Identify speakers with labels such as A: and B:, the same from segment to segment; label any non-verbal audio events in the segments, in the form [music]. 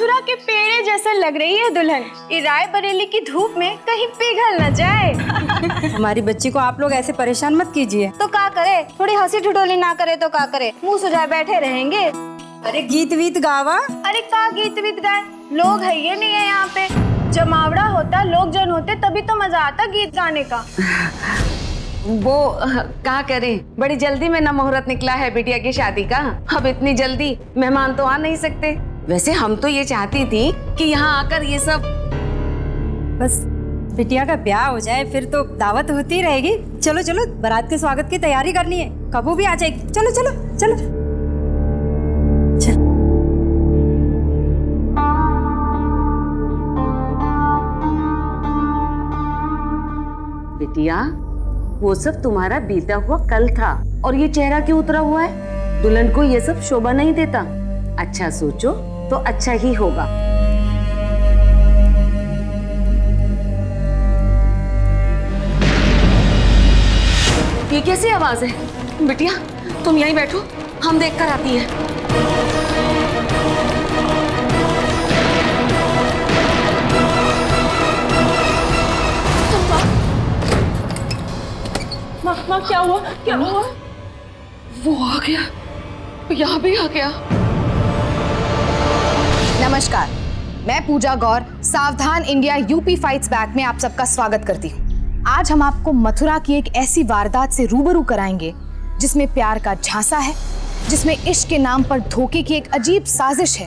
A: मथुरा
B: के पेड़े जैसा लग रही है दुल्हन इराय राय बरेली की धूप में कहीं पिघल न जाए [laughs] हमारी बच्ची को आप लोग ऐसे परेशान मत कीजिए तो क्या करे थोड़ी हंसी ठुटोली ना करे तो क्या करे मुँह सुझाए बैठे रहेंगे अरे गीत वीत गावा अरे का गीत वीत गाए लोग है ये नहीं है यहाँ पे जमावड़ा होता लोग जन होते तभी तो मजा आता गीत गाने का [laughs] वो कहा करें बड़ी जल्दी में ना मुहूर्त निकला है बिटिया की शादी का अब इतनी जल्दी मेहमान तो आ नहीं सकते वैसे हम तो ये चाहती थी कि यहाँ आकर ये सब बस बिटिया का ब्याह हो जाए फिर तो दावत होती रहेगी चलो चलो बारात के स्वागत की तैयारी करनी है कबू भी आ जाएगी चलो चलो चलो बिटिया वो सब तुम्हारा बीता हुआ कल था और ये चेहरा क्यों उतरा हुआ है दुल्हन को ये सब शोभा नहीं देता अच्छा सोचो तो अच्छा ही होगा ये कैसी आवाज है बिटिया तुम यहीं बैठो हम देख कर आती है माँ माँ क्या हुआ क्या हुआ वो आ
A: गया यहाँ भी आ गया नमस्कार मैं Pooja Gaur Savdhaan India UP fights back में आप सबका स्वागत करती हूँ आज हम आपको मथुरा की एक ऐसी वारदात से रूबरू कराएंगे जिसमें प्यार का झांसा है जिसमें इश्क के नाम पर धोखे की एक अजीब साजिश है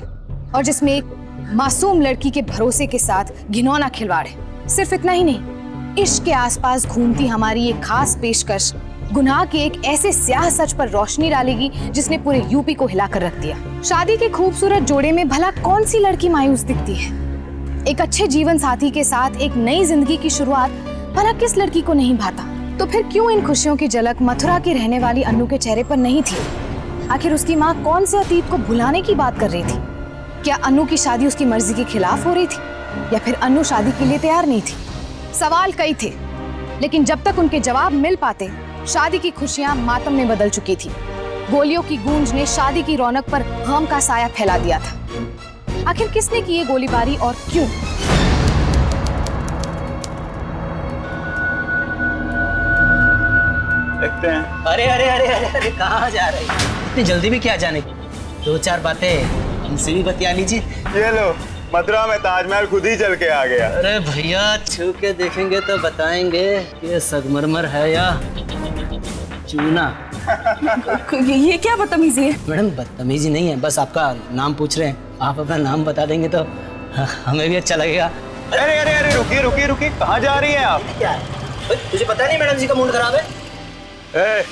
A: और जिसमें एक मासूम लड़की के भरोसे के साथ घिनौना खिलवाड़ है सिर्फ इतना ही नहीं इश्क के आसपास घूमती हमारी ये खास पेशकश गुनाह के एक ऐसे स्याह सच पर रोशनी डालेगी जिसने पूरे यूपी को हिलाकर रख दिया शादी के खूबसूरत जोड़े में भला कौन सी लड़की मायूस दिखती है एक अच्छे जीवन साथी के साथ एक नई जिंदगी की शुरुआत भला किस लड़की को नहीं भाता तो फिर क्यों इन खुशियों की झलक मथुरा के रहने वाली अन्नू के चेहरे पर नहीं थी आखिर उसकी माँ कौन से अतीत को भुलाने की बात कर रही थी क्या अन्नू की शादी उसकी मर्जी के खिलाफ हो रही थी या फिर अन्नू शादी के लिए तैयार नहीं थी सवाल कई थे लेकिन जब तक उनके जवाब मिल पाते शादी की खुशियां मातम में बदल चुकी थी गोलियों की गूंज ने शादी की रौनक पर गम का साया फैला दिया था आखिर किसने की ये गोलीबारी और क्यों
C: देखते हैं
D: अरे अरे अरे अरे, अरे कहा जा रही इतनी जल्दी भी क्या जाने की दो चार बातें हमसे भी बतिया लीजिए ये लो मथुरा में ताजमहल खुद ही चल के आ गया अरे भैया छू के देखेंगे तो बताएंगे ये सगमरमर है या चूना ये क्या बदतमीजी है मैडम बदतमीजी नहीं है बस आपका नाम पूछ रहे हैं आप अपना नाम बता देंगे तो हमें भी अच्छा लगेगा अरे अरे अरे रुकिए रुकिए रुकिए कहाँ जा रही हैं आप मुझे पता नहीं मैडम जी का मूड खराब है ए,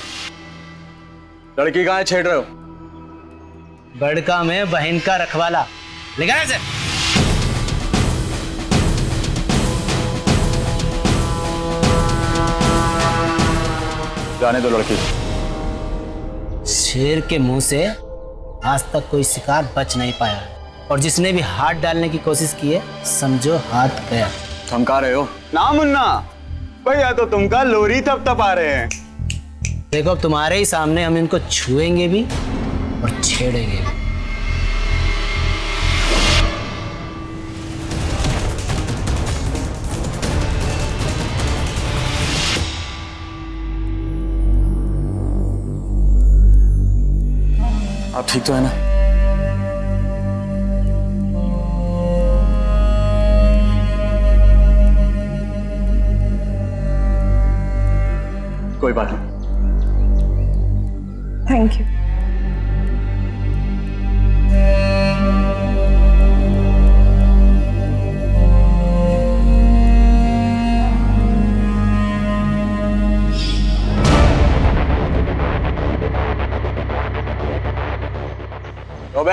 D: लड़की कहाँ छेड़ रहे हो बड़का में बहन का रखवाला लिखा है सर जाने दो लड़की शेर के मुंह से आज तक कोई शिकार बच नहीं पाया और जिसने भी हाथ डालने की कोशिश की है समझो हाथ गया थमका रहे हो ना मुन्ना भैया तो तुमका लोरी तप तप आ रहे हैं देखो तुम्हारे ही सामने हम इनको छुएंगे भी और छेड़ेंगे भी
C: आप ठीक तो है ना कोई बात नहीं थैंक यू Go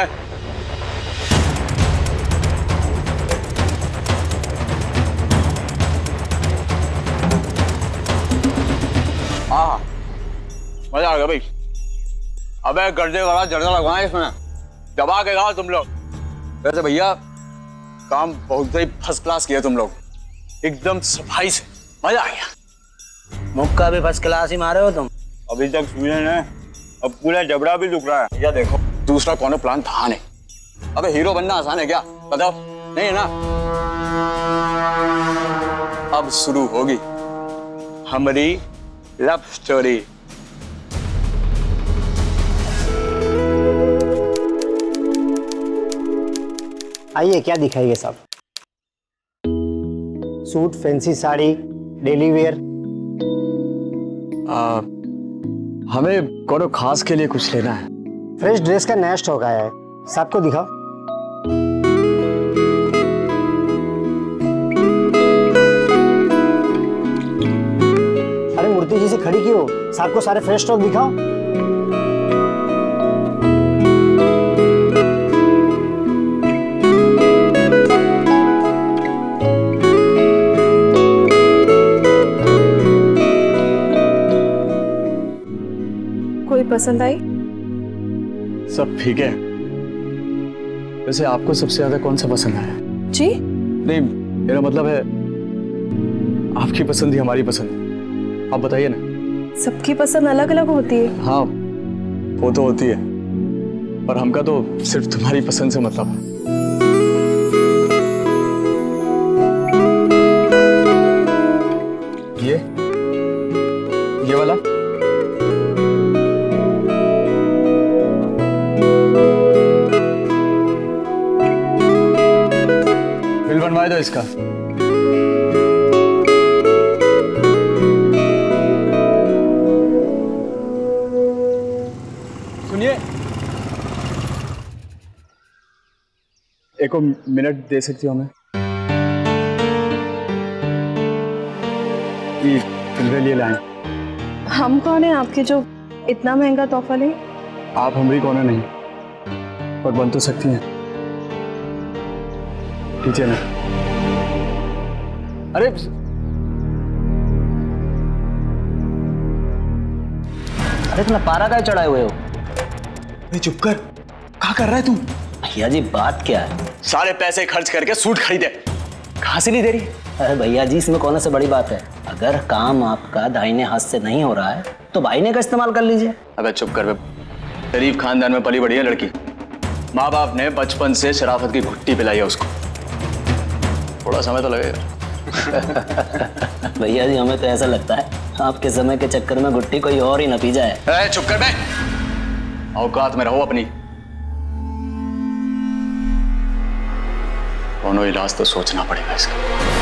C: हाँ मजा आ गया भाई अबे गर्दे वाला झड़ना लगवाए इसमें दबा के गाओ तुम लोग वैसे भैया काम बहुत ही फर्स्ट क्लास किया तुम लोग एकदम सफाई से मजा आ गया मुक्का भी फर्स्ट क्लास ही मारे हो तुम अभी तक सुने अब पूरा जबड़ा भी दुख रहा है भैया देखो दूसरा कौन प्लान था नहीं अबे हीरो बनना आसान है क्या बताओ नहीं है ना अब शुरू होगी हमारी लव स्टोरी
D: आइए क्या दिखाइए सब suit fancy sari daily wear
C: हमें कोनो खास के लिए कुछ लेना
D: है फ्रेश ड्रेस का नेस्ट हो गया है सबको दिखाओ अरे मूर्ति जी से खड़ी क्यों सबको सारे फ्रेश स्टॉक दिखाओ
A: कोई पसंद आई
C: सब ठीक है वैसे आपको सबसे ज्यादा कौन सा पसंद आया जी नहीं मेरा मतलब है आपकी पसंद ही हमारी पसंद आप बताइए ना
A: सबकी पसंद अलग अलग होती है
C: हाँ वो तो होती है पर हमका तो सिर्फ तुम्हारी पसंद से मतलब है मिनट दे सकती हो हमें लिए लाए
B: हम कौन है आपके जो इतना महंगा तोहफा लें
C: आप हमारी कौन है नहीं पर बन तो सकती हैं
D: ठीक है ना अरे अरे तुम्हें पारा का चढ़ाए हुए हो चुप कर कहा कर रहा है तू भैया जी बात क्या है सारे पैसे खर्च करके सूट खरीदे कहा से नहीं दे रही अरे भैया जी इसमें कौन सा बड़ी बात है अगर काम आपका दाहिने हाथ से नहीं हो रहा है तो ने का इस्तेमाल कर लीजिए
C: अबे चुप कर शरीफ खानदान में पली बड़ी है लड़की माँ बाप ने बचपन से शराफत की घुट्टी पिलाई है उसको
D: थोड़ा समय तो लगेगा [laughs] भैया जी हमें तो ऐसा लगता है आपके समय के चक्कर में घुट्टी कोई और ही न पी जाए चुप कर औकात में रहो अपनी
C: दोनों इलाज तो सोचना पड़ेगा इसका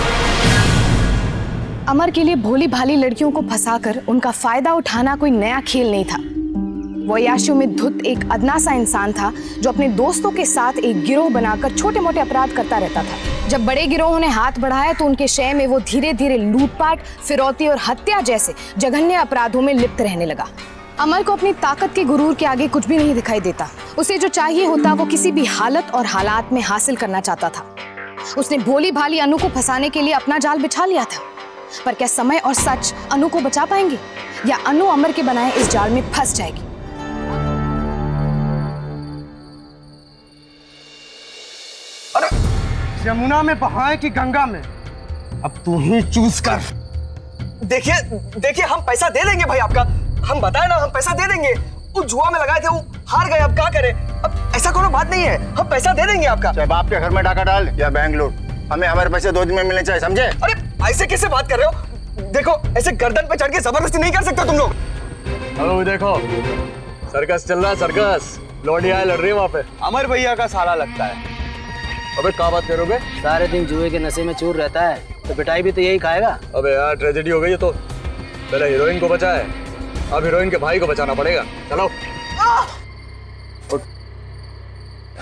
A: अमर के लिए भोली भाली लड़कियों को फंसाकर उनका फायदा उठाना कोई नया खेल नहीं था वो याशियों में धुत एक अदना सा इंसान था जो अपने दोस्तों के साथ एक गिरोह बनाकर छोटे मोटे अपराध करता रहता था जब बड़े गिरोहों ने हाथ बढ़ाया तो उनके शय में वो धीरे धीरे लूटपाट फिरौती और हत्या जैसे जघन्य अपराधों में लिप्त रहने लगा अमर को अपनी ताकत के गुरूर के आगे कुछ भी नहीं दिखाई देता उसे जो चाहिए होता वो किसी भी हालत और हालात में हासिल करना चाहता था उसने भोली भाली अनु को फंसाने के लिए अपना जाल बिछा लिया था पर क्या समय और सच अनु को बचा पाएंगे या अनु अमर के बनाए इस जाल में फंस जाएगी
E: यमुना में बहाए कि गंगा में अब तू ही चूज कर देखिए देखिए हम पैसा दे देंगे भाई आपका हम बताए ना हम पैसा दे देंगे वो जुआ में लगाए थे वो हार गए अब क्या करें अब ऐसा कोई बात नहीं है हम पैसा दे देंगे आपका चाहे बाप के घर में डाका डाल या बैंगलोर हमें हमारे पैसे दो दिन में मिलने चाहिए समझे अरे ऐसे कैसे बात कर रहे हो देखो ऐसे गर्दन पे चढ़ के जबरदस्ती नहीं कर सकते तुम लोग हेलो देखो सर्कस चल रहा
C: सर्कस लौंडिया लड़ रही है वहाँ पे अमर भैया का सारा लगता है
D: अबे क्या बात करोगे सारे दिन जुए के नशे में चूर रहता है तो पिटाई भी तो यही खाएगा
C: अबे यार ट्रेजेडी हो गई है तो पहले हीरोइन को बचाए अब हीरोइन के भाई को बचाना पड़ेगा चलो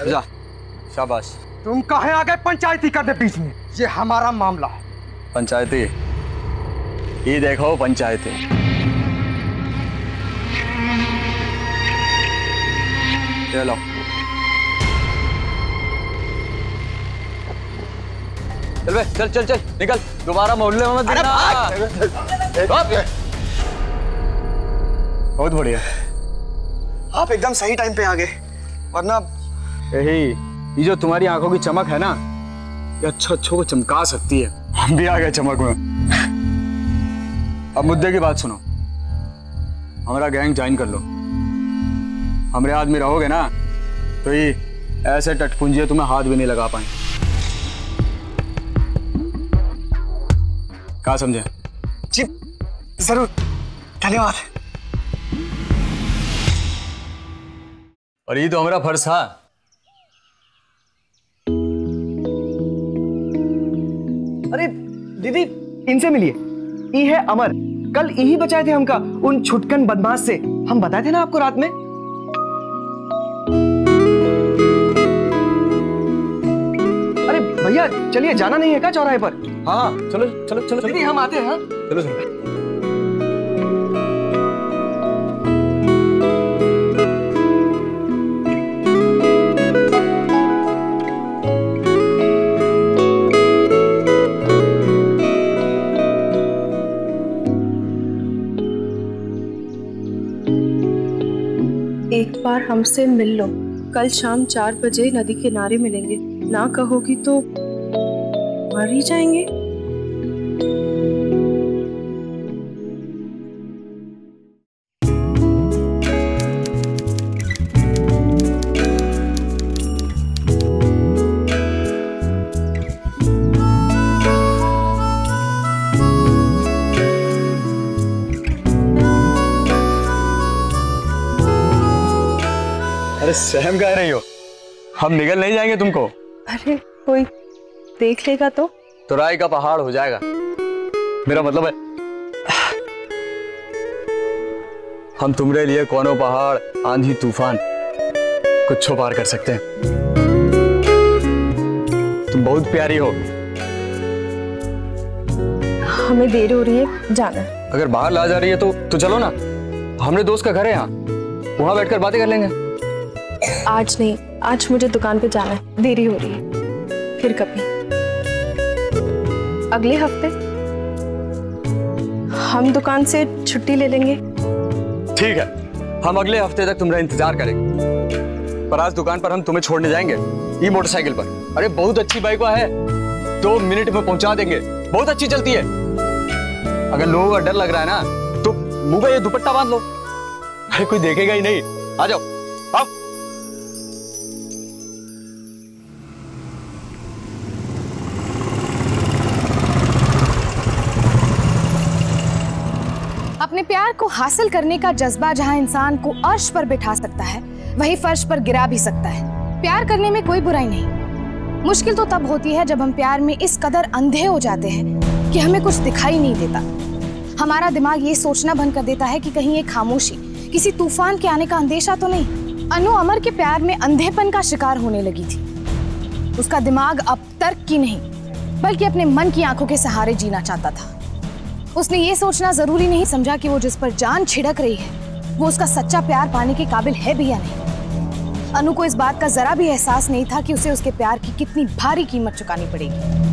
C: जा शाबाश
E: तुम कहे आ गए पंचायती करने बीच में ये हमारा मामला है पंचायती ये देखो
C: पंचायती चलो चल चल चल चल निकल दोबारा मोहल्ले में मत देना बहुत बढ़िया आप एकदम सही टाइम पे आ गए वरना यही ये जो तुम्हारी आंखों की चमक है ना ये अच्छो अच्छो को चमका सकती है हम भी आ गए चमक में अब मुद्दे की बात सुनो हमारा गैंग ज्वाइन कर लो हमारे आदमी रहोगे ना तो ये ऐसे टटपुंजिए तुम्हें हाथ भी नहीं लगा पाए कहा समझे
E: जी जरूर धन्यवाद
C: और ये तो हमारा फर्ज था
E: दीदी इनसे मिलिए ये है अमर कल यही बचाए थे हमका उन छुटकन बदमाश से हम बताए थे ना आपको रात में अरे भैया चलिए जाना नहीं है क्या चौराहे पर हाँ, हाँ चलो चलो चलो दीदी हम आते हैं हाँ? चलो चलो
B: हमसे मिल लो कल शाम चार बजे नदी किनारे मिलेंगे ना कहोगी तो मर ही जाएंगे
C: सहम कह रही हो हम निकल नहीं जाएंगे तुमको
B: अरे कोई देख लेगा तो तो
C: राय का पहाड़ हो जाएगा मेरा मतलब है हम तुम्हारे लिए कौनों पहाड़ आंधी तूफान कुछ पार कर सकते हैं तुम बहुत प्यारी हो
A: हमें देर हो रही है जाना
C: अगर बाहर ला जा रही है तो तो चलो ना हमने दोस्त का घर है यहाँ वहां बैठकर बातें कर लेंगे
A: आज नहीं आज मुझे दुकान पे जाना है देरी हो रही है फिर कभी अगले हफ्ते
E: हम दुकान से छुट्टी ले लेंगे
C: ठीक है हम अगले हफ्ते तक तुम्हारा इंतजार करेंगे पर आज दुकान पर हम तुम्हें छोड़ने जाएंगे ये मोटरसाइकिल पर अरे बहुत अच्छी बाइक है दो मिनट में पहुंचा देंगे बहुत अच्छी चलती है अगर लोगों का डर लग रहा है ना तो मुंह का ये दुपट्टा बांध लो अरे कोई देखेगा ही नहीं आ जाओ
A: को हासिल करने का जज्बा जहाँ इंसान को अर्श पर बिठा सकता है वही फर्श पर गिरा भी सकता है प्यार करने में कोई बुराई नहीं मुश्किल तो तब होती है जब हम प्यार में इस कदर अंधे हो जाते हैं कि हमें कुछ दिखाई नहीं देता हमारा दिमाग ये सोचना बंद कर देता है कि कहीं ये खामोशी किसी तूफान के आने का अंदेशा तो नहीं अनु अमर के प्यार में अंधेपन का शिकार होने लगी थी उसका दिमाग अब तर्क की नहीं बल्कि अपने मन की आंखों के सहारे जीना चाहता था उसने ये सोचना जरूरी नहीं समझा कि वो जिस पर जान छिड़क रही है वो उसका सच्चा प्यार पाने के काबिल है भी या नहीं अनु को इस बात का जरा भी एहसास नहीं था कि उसे उसके प्यार की कितनी भारी कीमत चुकानी पड़ेगी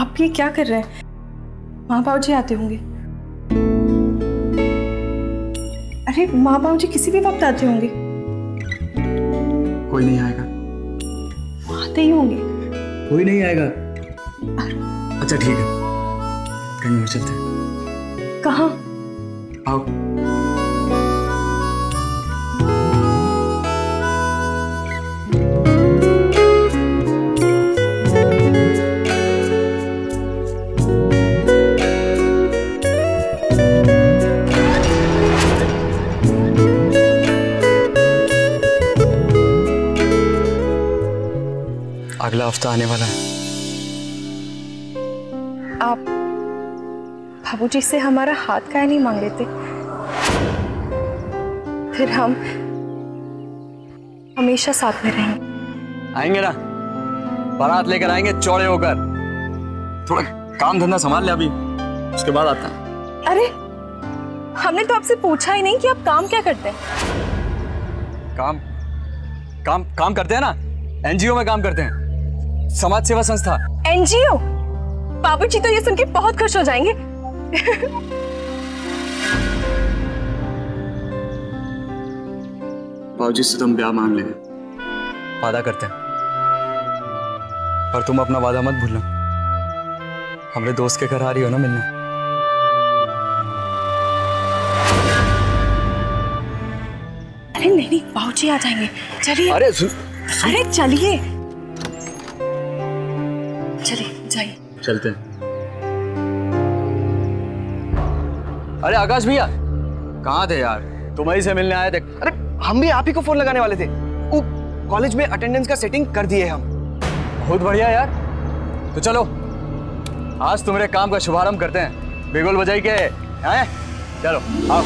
E: आप ये क्या कर रहे हैं माँ बाबू जी आते होंगे अरे माँ बाबू जी किसी
A: भी वक्त आते होंगे कोई नहीं आएगा आते ही होंगे
C: कोई नहीं आएगा अच्छा ठीक है कहीं और चलते कहाँ आओ
E: अगला हफ्ता आने वाला है आप
B: बाबूजी से हमारा हाथ का नहीं मांग लेते फिर हम
E: हमेशा साथ में रहेंगे
C: आएंगे ना बारात लेकर आएंगे चौड़े होकर थोड़ा काम धंधा संभाल ले अभी उसके बाद आता
B: अरे हमने तो आपसे पूछा ही नहीं कि आप काम क्या करते हैं
C: काम काम काम करते हैं ना एनजीओ में काम करते हैं समाज सेवा संस्था
B: एनजीओ बाबू जी तो ये सुन के बहुत खुश हो जाएंगे
C: बाबूजी से तुम ब्याह मांग ले वादा करते हैं पर तुम अपना वादा मत भूलना हमारे दोस्त के घर आ रही हो ना मिलने
A: अरे नहीं नहीं बाबूजी आ जाएंगे चलिए अरे अरे चलिए
C: चलते हैं
E: अरे आकाश भैया कहाँ थे यार तुम ही से मिलने आए थे अरे हम भी आप ही को फोन लगाने वाले थे वो कॉलेज में अटेंडेंस का सेटिंग कर दिए हम
C: बहुत बढ़िया यार तो चलो आज तुम्हारे काम का शुभारंभ करते हैं बेगोल बजाई के हैं चलो आओ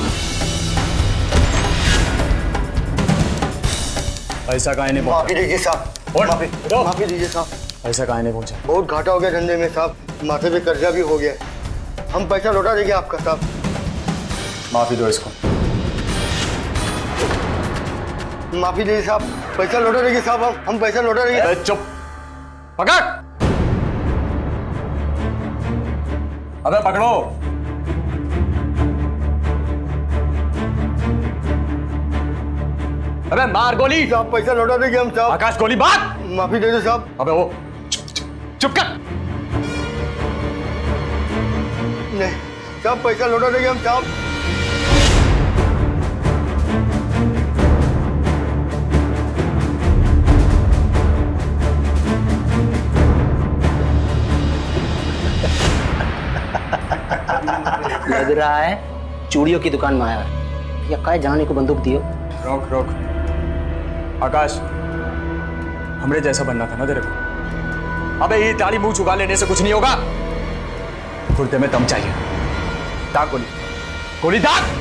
C: पैसा का नहीं माफी दीजिए साहब माफी दीजिए साहब पैसा कहा नहीं पहुंचा
E: बहुत घाटा हो गया धंधे में साहब माथे पे कर्जा भी हो गया हम पैसा लौटा देंगे आपका साहब
C: माफ़ी दो इसको माफ़ी दीजिए साहब पैसा लौटा देंगे साहब हम हम पैसा लौटा देंगे चुप पकड़ अबे पकड़ो अबे मार गोली साहब पैसा लौटा देंगे हम साहब आकाश गोली बात माफी दे दो साहब अबे वो चुप कर नहीं साहब पैसा लौटा देंगे हम साहब
D: लग रहा है चूड़ियों की दुकान में आया है या काय जाने को बंदूक दियो रोक रोक आकाश हमरे जैसा बनना था ना तेरे को
C: अबे ये दाढ़ी मुंह चुका लेने से कुछ नहीं होगा कुर्ते में दम चाहिए दाग गोली गोली दाग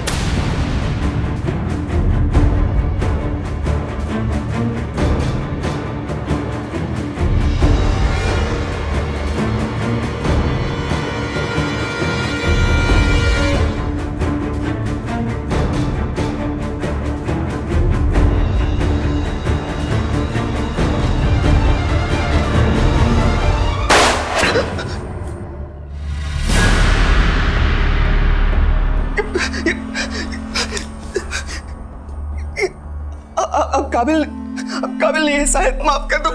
E: काबिल काबिल नहीं है शायद माफ कर दो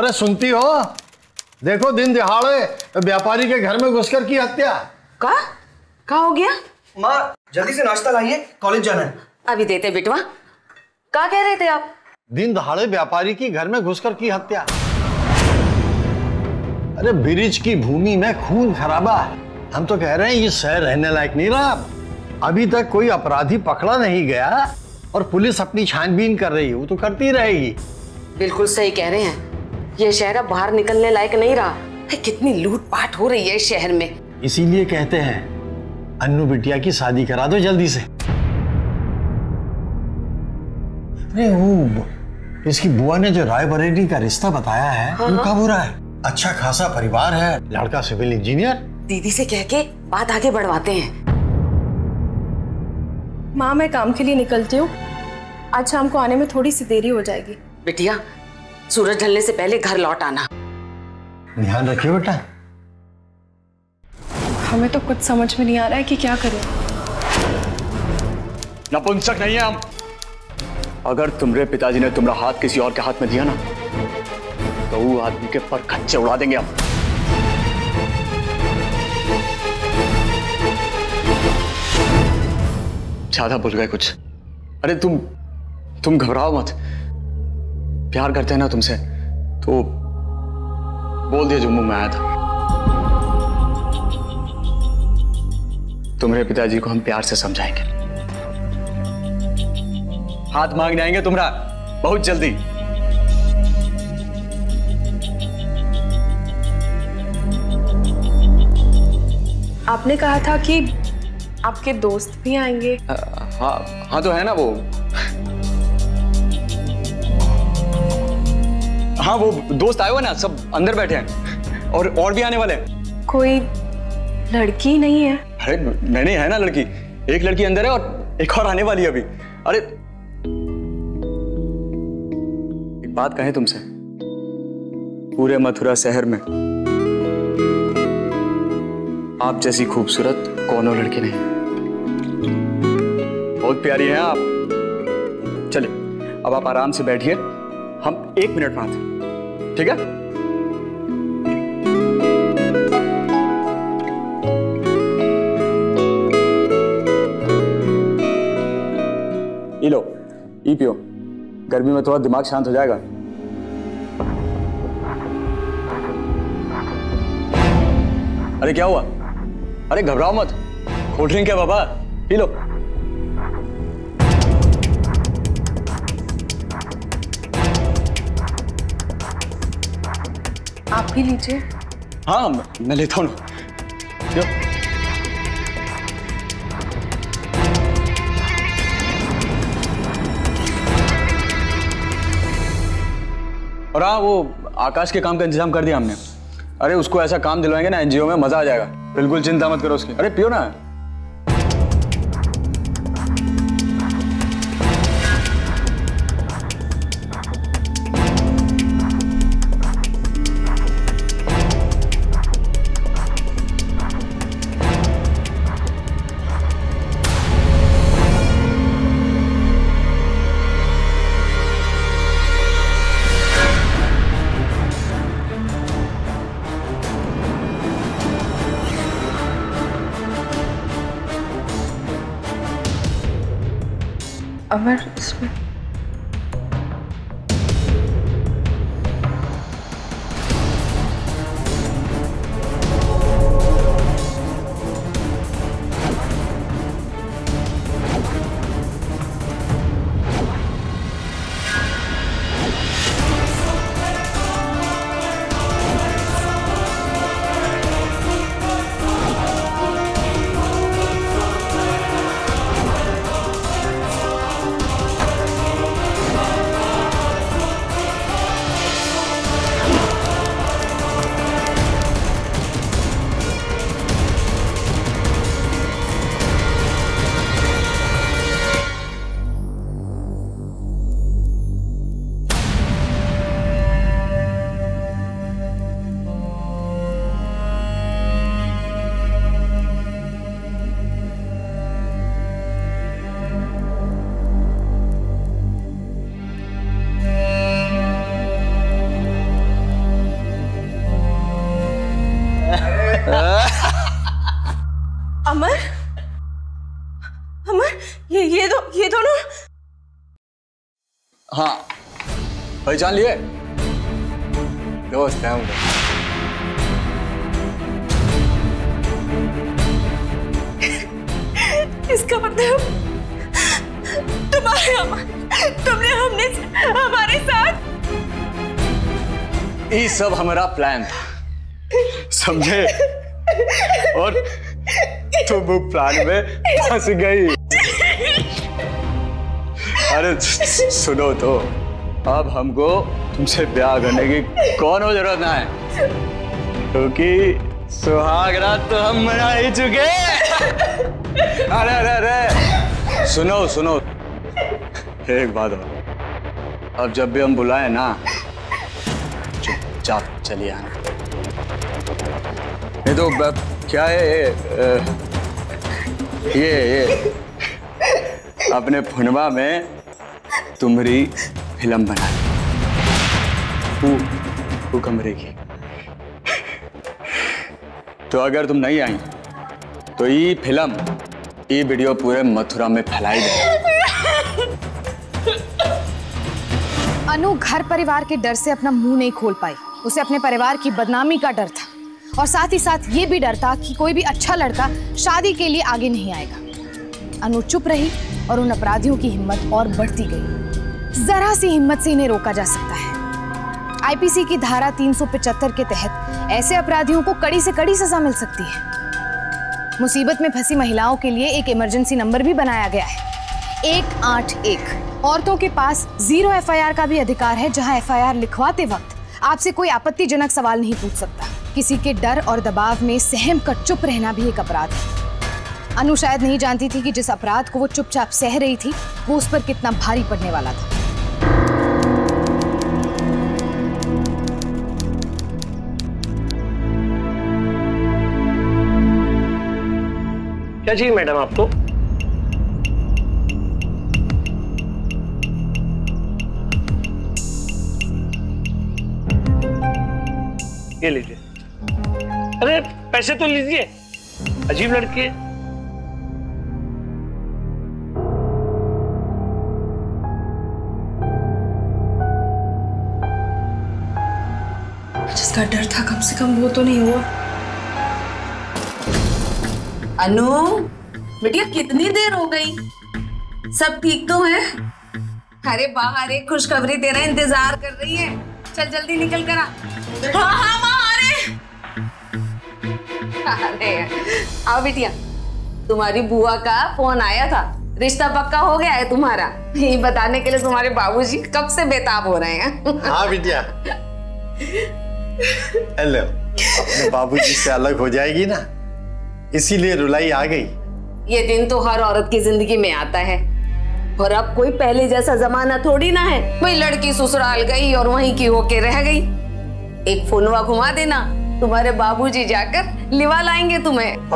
C: अरे सुनती हो
E: देखो दिन दिहाड़े व्यापारी के घर में घुसकर की हत्या का का हो गया माँ जल्दी से नाश्ता लाइए कॉलेज जाना है अभी देते बिटवा
C: का कह रहे थे आप दिन दहाड़े व्यापारी की घर में घुसकर की हत्या अरे ब्रिज की भूमि में खून खराबा हम तो कह रहे हैं ये शहर रहने लायक नहीं रहा अभी तक कोई अपराधी पकड़ा नहीं गया और पुलिस अपनी छानबीन कर रही है वो तो करती रहेगी
B: बिल्कुल सही कह रहे हैं ये शहर अब बाहर निकलने लायक नहीं रहा कितनी लूट पाट हो रही है शहर में
C: इसीलिए कहते हैं अन्नू बिटिया की शादी करा दो जल्दी से अरे इसकी बुआ ने जो राय बरेली का रिश्ता बताया है हाँ। वो हाँ। कब हो रहा है
B: अच्छा खासा परिवार है लड़का सिविल इंजीनियर दीदी से कह के बात आगे बढ़वाते हैं माँ मैं काम के लिए निकलती हूँ आज शाम को आने में थोड़ी सी देरी हो जाएगी बेटिया सूरज ढलने से पहले घर लौट आना
C: ध्यान रखिए बेटा
E: हमें तो कुछ समझ में नहीं आ रहा है कि क्या करें
C: नपुंसक नहीं है हम अगर तुम्हारे पिताजी ने तुम्हारा हाथ किसी और के हाथ में दिया ना तो वो आदमी के पर खच्चे उड़ा देंगे हम ज्यादा भूल गए कुछ अरे तुम तुम घबराओ मत प्यार करते हैं ना तुमसे तो बोल दिया जो मुंह में आया था तुम्हारे पिताजी को हम प्यार से समझाएंगे हाथ मांग जाएंगे तुम्हारा बहुत जल्दी
A: आपने कहा
B: था कि आपके दोस्त भी आएंगे हाँ
C: हाँ तो है ना वो हाँ वो दोस्त आए हुए ना सब अंदर बैठे हैं और और भी आने वाले हैं
A: कोई लड़की नहीं है
C: अरे मैंने है ना लड़की एक लड़की अंदर है और एक और आने वाली है अभी अरे एक बात कहें तुमसे पूरे मथुरा शहर में आप जैसी खूबसूरत कौनों लड़की नहीं बहुत प्यारी हैं आप चलिए अब आप आराम से बैठिए हम एक मिनट में आते ठीक है ये लो ई पियो गर्मी में थोड़ा दिमाग शांत हो जाएगा अरे क्या हुआ अरे घबराओ मत कोल्ड ड्रिंक है बाबा पी लो भी लीजिए हाँ मैं लेता हूँ और हाँ वो आकाश के काम का इंतजाम कर दिया हमने अरे उसको ऐसा काम दिलवाएंगे ना एनजीओ में मजा आ जाएगा बिल्कुल चिंता मत करो उसकी अरे पियो ना
E: अमर इसमें
C: पहचान लिए दोस्त हैं
B: उनका इसका मतलब तुम्हारे हम, तुमने हमने हमारे साथ
C: ये सब हमारा प्लान था समझे और तुम प्लान में फंस गई अरे सुनो तो अब हमको तुमसे ब्याह करने की कौन हो जरूरत ना है क्योंकि सुहाग रात तो हम मना ही
B: चुके अरे अरे अरे
C: सुनो सुनो एक बात और अब जब भी हम बुलाए ना चुपचाप चलिए आना ये तो क्या है ये ये अपने फुनवा में तुम्हारी फिल्म बना तू तू कमरे की तो अगर तुम नहीं आई तो ये फिल्म ये वीडियो पूरे मथुरा में फैलाई
A: गई अनु घर परिवार के डर से अपना मुंह नहीं खोल पाई उसे अपने परिवार की बदनामी का डर था और साथ ही साथ ये भी डर था कि कोई भी अच्छा लड़का शादी के लिए आगे नहीं आएगा अनु चुप रही और उन अपराधियों की हिम्मत और बढ़ती गई जरा सी हिम्मत से इन्हें रोका जा सकता है आईपीसी की धारा 375 के तहत ऐसे अपराधियों को कड़ी से कड़ी सजा मिल सकती है मुसीबत में फंसी महिलाओं के लिए एक इमरजेंसी नंबर भी बनाया गया है एक आठ एक औरतों के पास जीरो एफआईआर का भी अधिकार है जहां एफआईआर लिखवाते वक्त आपसे कोई आपत्तिजनक सवाल नहीं पूछ सकता किसी के डर और दबाव में सहम कर चुप रहना भी एक अपराध है अनु शायद नहीं जानती थी कि जिस अपराध को वो चुपचाप सह रही थी वो उस पर कितना भारी पड़ने वाला था
E: क्या चाहिए मैडम आपको ये लीजिए अरे पैसे तो लीजिए अजीब लड़की है
D: जिसका
B: डर था कम से कम वो तो नहीं हुआ अनु बेटिया कितनी देर हो गई सब ठीक तो है अरे बाहर एक खुशखबरी तेरा इंतजार कर रही है चल जल्दी निकल कर आ हाँ, हाँ, अरे आओ बेटिया तुम्हारी बुआ का फोन आया था रिश्ता पक्का हो गया है तुम्हारा ये बताने के लिए तुम्हारे बाबूजी कब से बेताब हो रहे हैं हाँ
C: बेटिया [laughs] हेलो अपने बाबूजी से अलग हो जाएगी ना इसीलिए रुलाई आ
B: गई ये दिन तो हर औरत की जिंदगी में आता है और अब कोई पहले जैसा जमाना थोड़ी ना है वही लड़की ससुराल गई और वहीं की होके रह गई एक फोनवा घुमा देना तुम्हारे बाबूजी जाकर लिवा लाएंगे तुम्हें [laughs]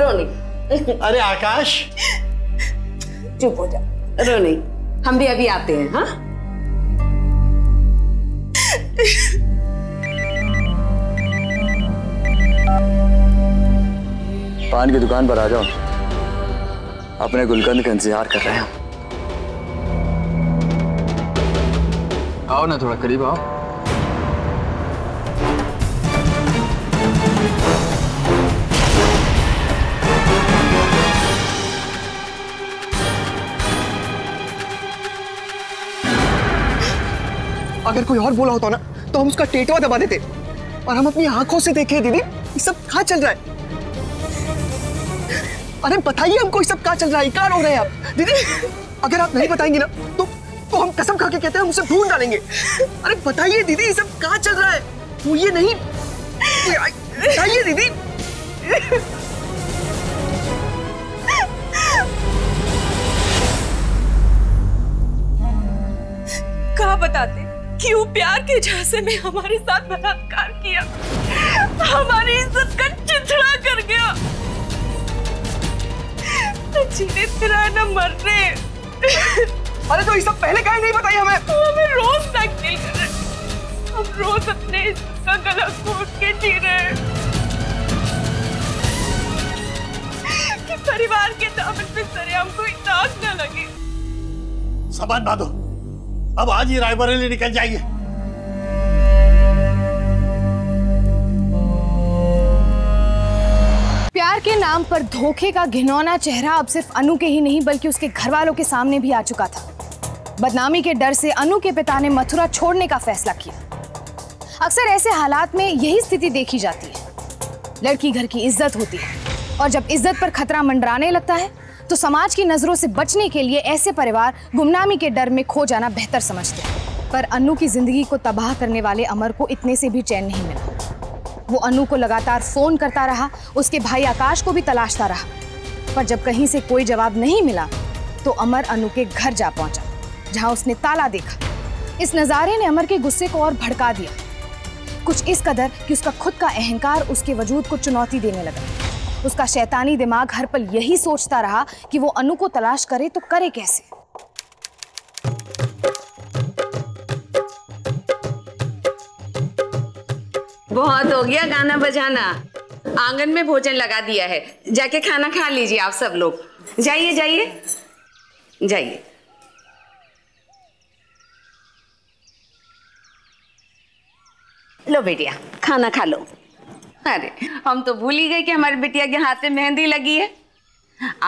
B: रोनी अरे आकाश चुप हो जा रोनी हम भी अभी आते हैं हाँ
C: पान की दुकान पर आ जाओ अपने गुलकंद का इंतजार कर रहे हैं आओ ना थोड़ा करीब आओ
E: अगर कोई और बोला होता ना तो हम उसका टेटवा दबा देते और हम अपनी आंखों से देखे दीदी ये सब कहा चल रहा है अरे बताइए हमको सब कहा चल रहा है कहा रो रहे हैं आप दीदी अगर आप नहीं बताएंगे ना तो तो हम कसम खा के कहते हैं हम उसे ढूंढ डालेंगे अरे बताइए दीदी सब कहा चल रहा है वो तो ये नहीं बताइए दीदी
B: कहा बताते क्यों प्यार के झांसे में हमारे साथ बलात्कार किया हमारी इज्जत का चिथड़ा कर गया
E: तो जीने फिरा ना मर रहे अरे तो ये सब पहले कहीं नहीं बताई हमें तो हमें रोज तक नहीं कर रहे हम रोज अपने का गला घोट के जी रहे कि परिवार के दामन पे सरेआम कोई इतना ना लगे
C: सामान बांधो अब आज ही रायबरेली निकल जाइए
A: प्यार के नाम पर धोखे का घिनौना चेहरा अब सिर्फ अनु के ही नहीं बल्कि उसके घर वालों के सामने भी आ चुका था बदनामी के डर से अनु के पिता ने मथुरा छोड़ने का फैसला किया अक्सर ऐसे हालात में यही स्थिति देखी जाती है लड़की घर की इज्जत होती है और जब इज्जत पर खतरा मंडराने लगता है तो समाज की नज़रों से बचने के लिए ऐसे परिवार गुमनामी के डर में खो जाना बेहतर समझते हैं पर अनु की जिंदगी को तबाह करने वाले अमर को इतने से भी चैन नहीं मिला वो अनु को लगातार फोन करता रहा उसके भाई आकाश को भी तलाशता रहा पर जब कहीं से कोई जवाब नहीं मिला तो अमर अनु के घर जा पहुंचा जहां उसने ताला देखा इस नज़ारे ने अमर के गुस्से को और भड़का दिया कुछ इस कदर कि उसका खुद का अहंकार उसके वजूद को चुनौती देने लगा उसका शैतानी दिमाग हर पल यही सोचता रहा कि वो अनु को तलाश करे तो करे कैसे
B: बहुत हो गया गाना बजाना आंगन में भोजन लगा दिया है जाके खाना खा लीजिए आप सब लोग जाइए जाइए जाइए लो बेटिया खाना खा लो अरे हम तो भूल ही गए कि हमारी बेटिया के हाथ में मेहंदी लगी है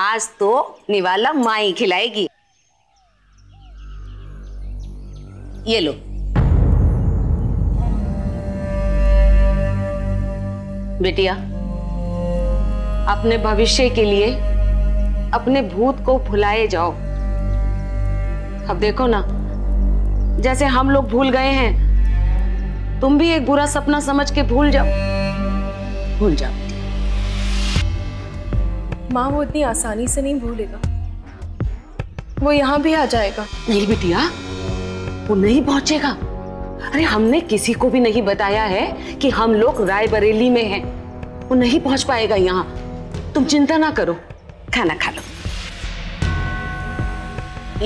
B: आज तो निवाला माई खिलाएगी ये लो बेटिया अपने भविष्य के लिए अपने भूत को भुलाए जाओ अब देखो ना जैसे हम लोग भूल गए हैं तुम भी एक बुरा सपना समझ के भूल जाओ भूल जाओ माँ वो इतनी आसानी से नहीं भूलेगा वो यहाँ भी आ जाएगा नहीं बेटिया वो नहीं पहुंचेगा अरे हमने किसी को भी नहीं बताया है कि हम लोग रायबरेली में हैं। वो नहीं पहुंच पाएगा यहाँ तुम चिंता ना करो खाना खा लो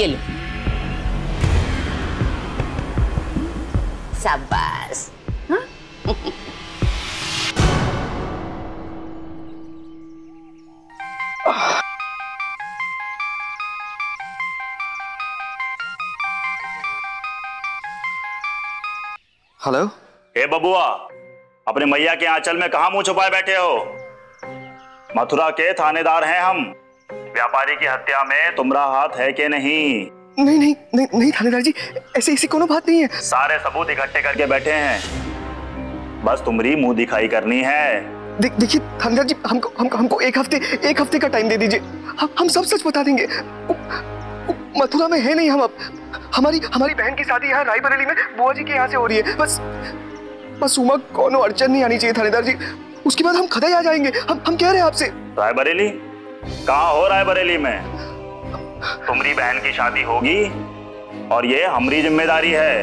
B: ये लो शाबाश हाँ [laughs]
E: हेलो
C: हे बबुआ अपने मैया के आंचल में कहा मुंह छुपाए बैठे हो मथुरा के थानेदार हैं हम व्यापारी की हत्या में तुम्हारा हाथ है कि नहीं
E: नहीं नहीं नहीं, नहीं थानेदार जी ऐसे ऐसी कोनो बात नहीं है
C: सारे सबूत इकट्ठे करके बैठे हैं बस तुम्हारी मुंह दिखाई करनी है
E: दे, देखिए थानेदार जी हमको हमको हमको एक हफ्ते एक हफ्ते का टाइम दे दीजिए हम हम सब सच बता देंगे मथुरा में है नहीं हम अब हमारी हमारी बहन की शादी यहाँ रायबरेली में बुआ जी के यहाँ से हो रही है बस बस उमा कौन अड़चन नहीं आनी चाहिए थानेदार जी उसके बाद हम खदई आ जाएंगे हम हम कह रहे हैं आपसे
C: रायबरेली कहाँ हो रायबरेली में तुम्हारी बहन की शादी होगी और ये हमारी जिम्मेदारी है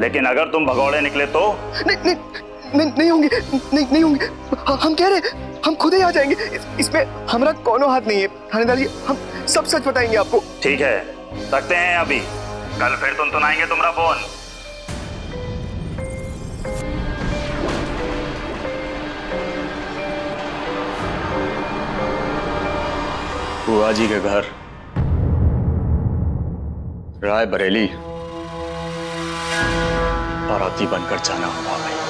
C: लेकिन अगर तुम भगौड़े निकले
B: तो
E: नहीं नहीं नहीं, नहीं होंगे नहीं नहीं होंगे हम कह रहे हम खुद ही आ जाएंगे इसमें इस हमारा कोनो हाथ नहीं है थानेदार जी हम सब सच बताएंगे आपको ठीक है
C: रखते हैं अभी कल फिर तुम सुनाएंगे तुम्हारा फोन बुआ जी के घर राय बरेली और बनकर जाना होगा भाई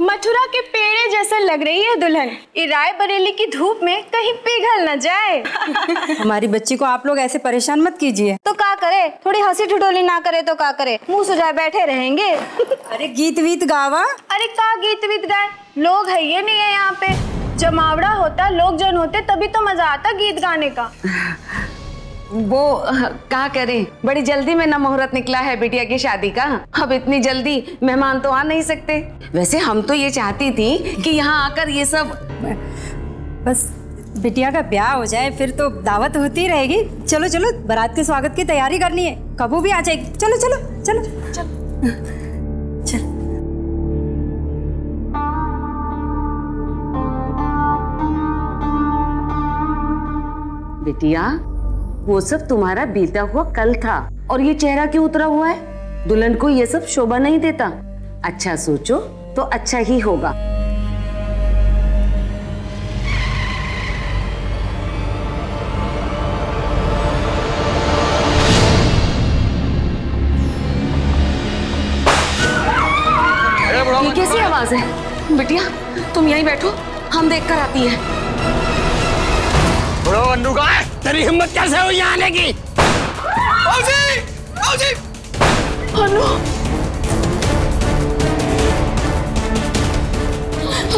A: मथुरा के पेड़े जैसा लग
B: रही है दुल्हन राय बरेली की धूप में कहीं पिघल न जाए [laughs] हमारी बच्ची को आप लोग ऐसे परेशान मत कीजिए तो क्या करे थोड़ी हंसी ठुटोली ना करे तो क्या करे मुंह सुझाए बैठे रहेंगे [laughs] अरे गीत वीत गावा अरे का गीत वीत गाए लोग है ये नहीं है यहाँ पे जमावड़ा होता लोग जन होते तभी तो मजा आता गीत गाने का [laughs] वो कहा करें बड़ी जल्दी में ना मुहूर्त निकला है बिटिया की शादी का अब इतनी जल्दी मेहमान तो आ नहीं सकते वैसे हम तो ये चाहती थी कि यहाँ आकर ये सब बस बिटिया का ब्याह हो जाए फिर तो दावत होती रहेगी चलो चलो बारात के स्वागत की तैयारी करनी है कबू भी आ जाएगी चलो चलो चलो चलो चलो बिटिया वो सब तुम्हारा बीता हुआ कल था और ये चेहरा क्यों उतरा हुआ है दुल्हन को ये सब शोभा नहीं देता अच्छा सोचो तो अच्छा ही होगा कैसी आवाज है बिटिया तुम यहीं बैठो हम देखकर आती है तेरी हिम्मत कैसे हुई यहाँ आने की आजी, आजी। अनु!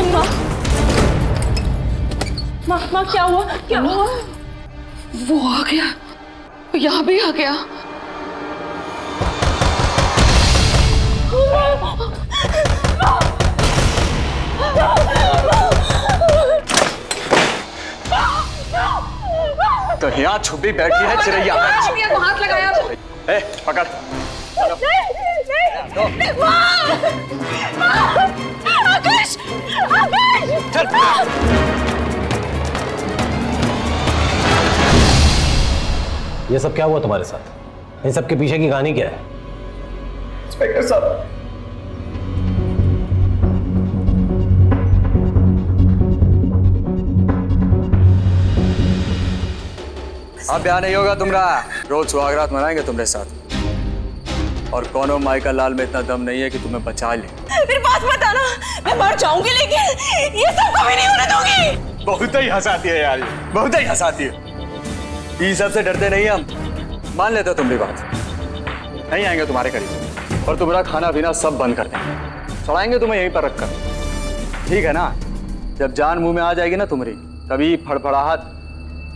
B: अम्मा! मा, माँ क्या हुआ क्या हुआ वो आ गया यहाँ भी आ गया
E: तो यहाँ
C: छुपी बैठी है चिड़ैया
D: ये सब क्या हुआ तुम्हारे साथ इन सब के पीछे की कहानी क्या है इंस्पेक्टर साहब
C: अब यहाँ नहीं होगा तुम्हारा रोज सुहागरात मनाएंगे तुम्हारे साथ और कौनो माइकल लाल में इतना दम नहीं है कि तुम्हें बचा ले
B: मेरे पास मत आना मैं मर जाऊंगी लेकिन ये सब कभी नहीं होने
C: दूंगी बहुत ही हंसाती है यार बहुत ही हंसाती है ये सब से डरते नहीं हम मान लेते तुम्हारी बात नहीं आएंगे तुम्हारे करीब और तुम्हारा खाना पीना सब बंद कर देंगे चढ़ाएंगे तुम्हें यहीं पर रखकर ठीक है ना जब जान मुंह में आ जाएगी ना तुम्हारी तभी फड़फड़ाहट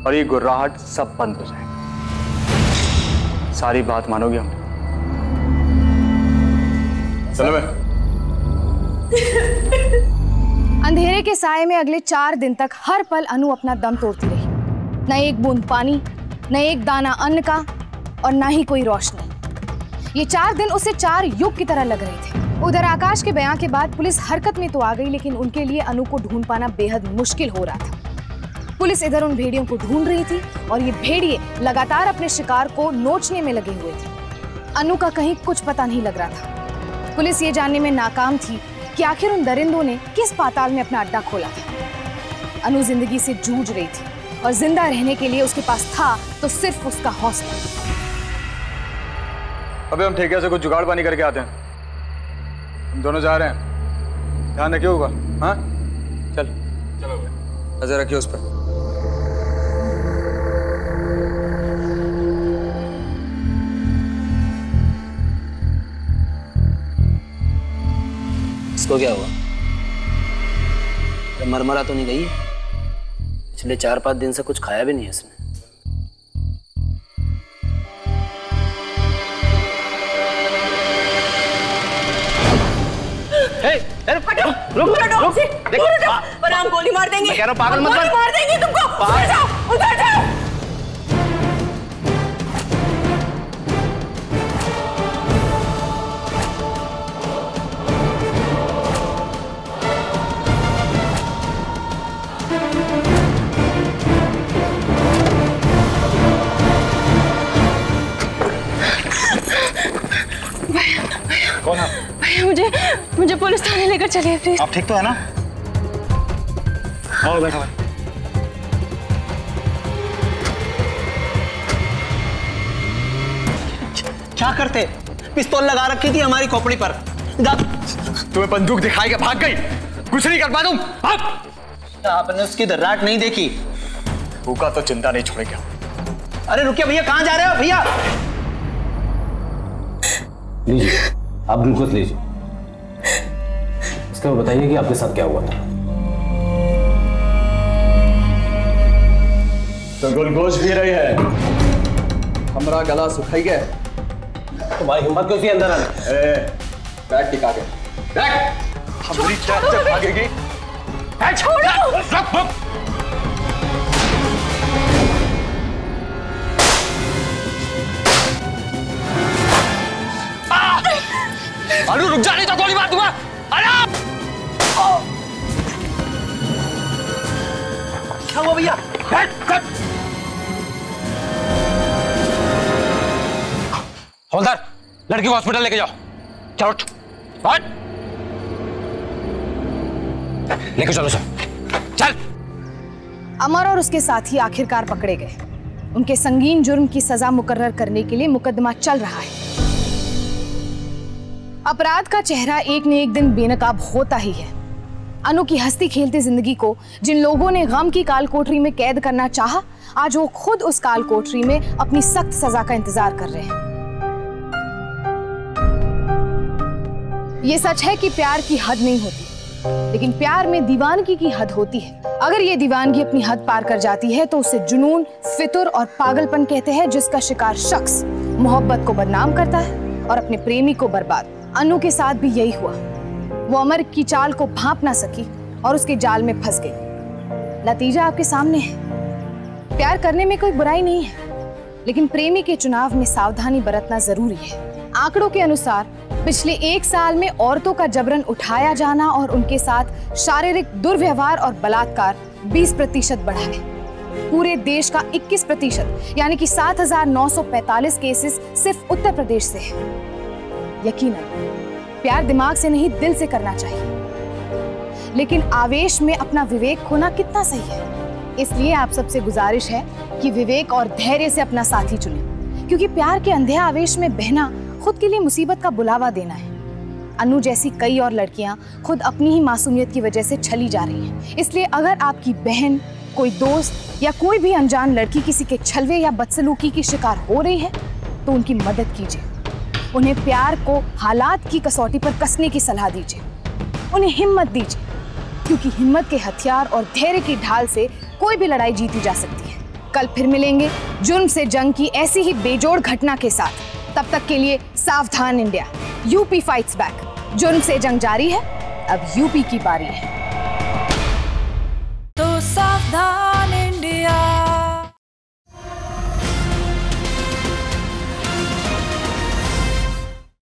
C: और ये गुर्राहट सब बंद हो जाए सारी बात मानोगे हम चलो मैं
A: अंधेरे के साय में अगले चार दिन तक हर पल अनु अपना दम तोड़ती रही न एक बूंद पानी न एक दाना अन्न का और ना ही कोई रोशनी ये चार दिन उसे चार युग की तरह लग रहे थे उधर आकाश के बयान के बाद पुलिस हरकत में तो आ गई लेकिन उनके लिए अनु को ढूंढ पाना बेहद मुश्किल हो रहा था पुलिस इधर उन भेड़ियों को ढूंढ रही थी और ये भेड़िए लगातार अपने शिकार को नोचने में लगे हुए थे अनु का कहीं कुछ पता नहीं लग रहा था पुलिस ये जानने में नाकाम थी कि आखिर उन दरिंदों ने किस पाताल में अपना अड्डा खोला था अनु जिंदगी से जूझ रही थी और जिंदा रहने के लिए उसके पास था तो सिर्फ उसका हौसला
C: अबे हम ठेके से कुछ जुगाड़ पानी करके आते हैं हम दोनों जा रहे हैं ध्यान रखिए होगा हाँ चल चलो नजर रखिए उस पर
D: इसको क्या हुआ अरे मरमरा तो नहीं गई पिछले चार पांच दिन से कुछ खाया भी नहीं है इसने गोली मार देंगे पागल मत मार देंगे तुमको उधर
B: जाओ उधर जाओ चलिए प्लीज आप ठीक तो है ना
D: और बैठा भाई क्या करते पिस्तौल लगा रखी थी हमारी खोपड़ी पर तुम्हें बंदूक दिखाई के भाग गई कुछ नहीं कर पा तुम आपने उसकी दर्राट नहीं देखी
C: भूखा तो चिंता नहीं छोड़ेगा
D: अरे रुकिए भैया कहां जा रहे हो भैया लीजिए आप ग्लूकोज लीजिए इसके बाद बताइए कि आपके साथ क्या हुआ था
C: तो गुलगोश भी रही है हमारा गला सुखाई गया तुम्हारी हिम्मत कैसी अंदर आने बैग टिका के
E: बैग हमारी क्या भागेगी छोड़ो अरे [laughs] रुक जा नहीं तो गोली मार दूंगा अरे
D: क्या हुआ भैया
C: हवलदार लड़की को हॉस्पिटल लेके जाओ
D: चलो लेके चलो सर चल
A: अमर और उसके साथी आखिरकार पकड़े गए उनके संगीन जुर्म की सजा मुकर्र करने के लिए मुकदमा चल रहा है अपराध का चेहरा एक न एक दिन बेनकाब होता ही है अनु की हस्ती खेलते जिंदगी को जिन लोगों ने गम की काल कोठरी में कैद करना चाहा, आज वो खुद उस काल कोठरी में अपनी सख्त सजा का इंतजार कर रहे हैं ये सच है कि प्यार की हद नहीं होती लेकिन प्यार में दीवानगी की हद होती है अगर ये दीवानगी अपनी हद पार कर जाती है तो उसे जुनून फितुर और पागलपन कहते हैं जिसका शिकार शख्स मोहब्बत को बदनाम करता है और अपने प्रेमी को बर्बाद अनु के साथ भी यही हुआ वो अमर की चाल को भाप ना सकी और उसके जाल में फंस गई नतीजा आपके सामने है प्यार करने में कोई बुराई नहीं है लेकिन प्रेमी के चुनाव में सावधानी बरतना जरूरी है आंकड़ों के अनुसार पिछले एक साल में औरतों का जबरन उठाया जाना और उनके साथ शारीरिक दुर्व्यवहार और बलात्कार 20 प्रतिशत बढ़ा है पूरे देश का 21 प्रतिशत यानी कि 7,945 केसेस सिर्फ उत्तर प्रदेश से है यकीन प्यार दिमाग से नहीं दिल से करना चाहिए लेकिन आवेश में अपना विवेक खोना कितना सही है इसलिए आप सबसे गुजारिश है कि विवेक और धैर्य से अपना साथी चुने क्योंकि प्यार के अंधे आवेश में बहना खुद के लिए मुसीबत का बुलावा देना है अनु जैसी कई और लड़कियां खुद अपनी ही मासूमियत की वजह से छली जा रही हैं इसलिए अगर आपकी बहन कोई दोस्त या कोई भी अनजान लड़की किसी के छलवे या बदसलूकी की शिकार हो रही है तो उनकी मदद कीजिए उन्हें प्यार को हालात की कसौटी पर कसने की सलाह दीजिए उन्हें हिम्मत दीजिए क्योंकि हिम्मत के हथियार और धैर्य की ढाल से कोई भी लड़ाई जीती जा सकती है कल फिर मिलेंगे जुर्म से जंग की ऐसी ही बेजोड़ घटना के साथ तब तक के लिए Savdhaan India UP fights back जुर्म से जंग जारी है अब यूपी की बारी है
B: तो सावधान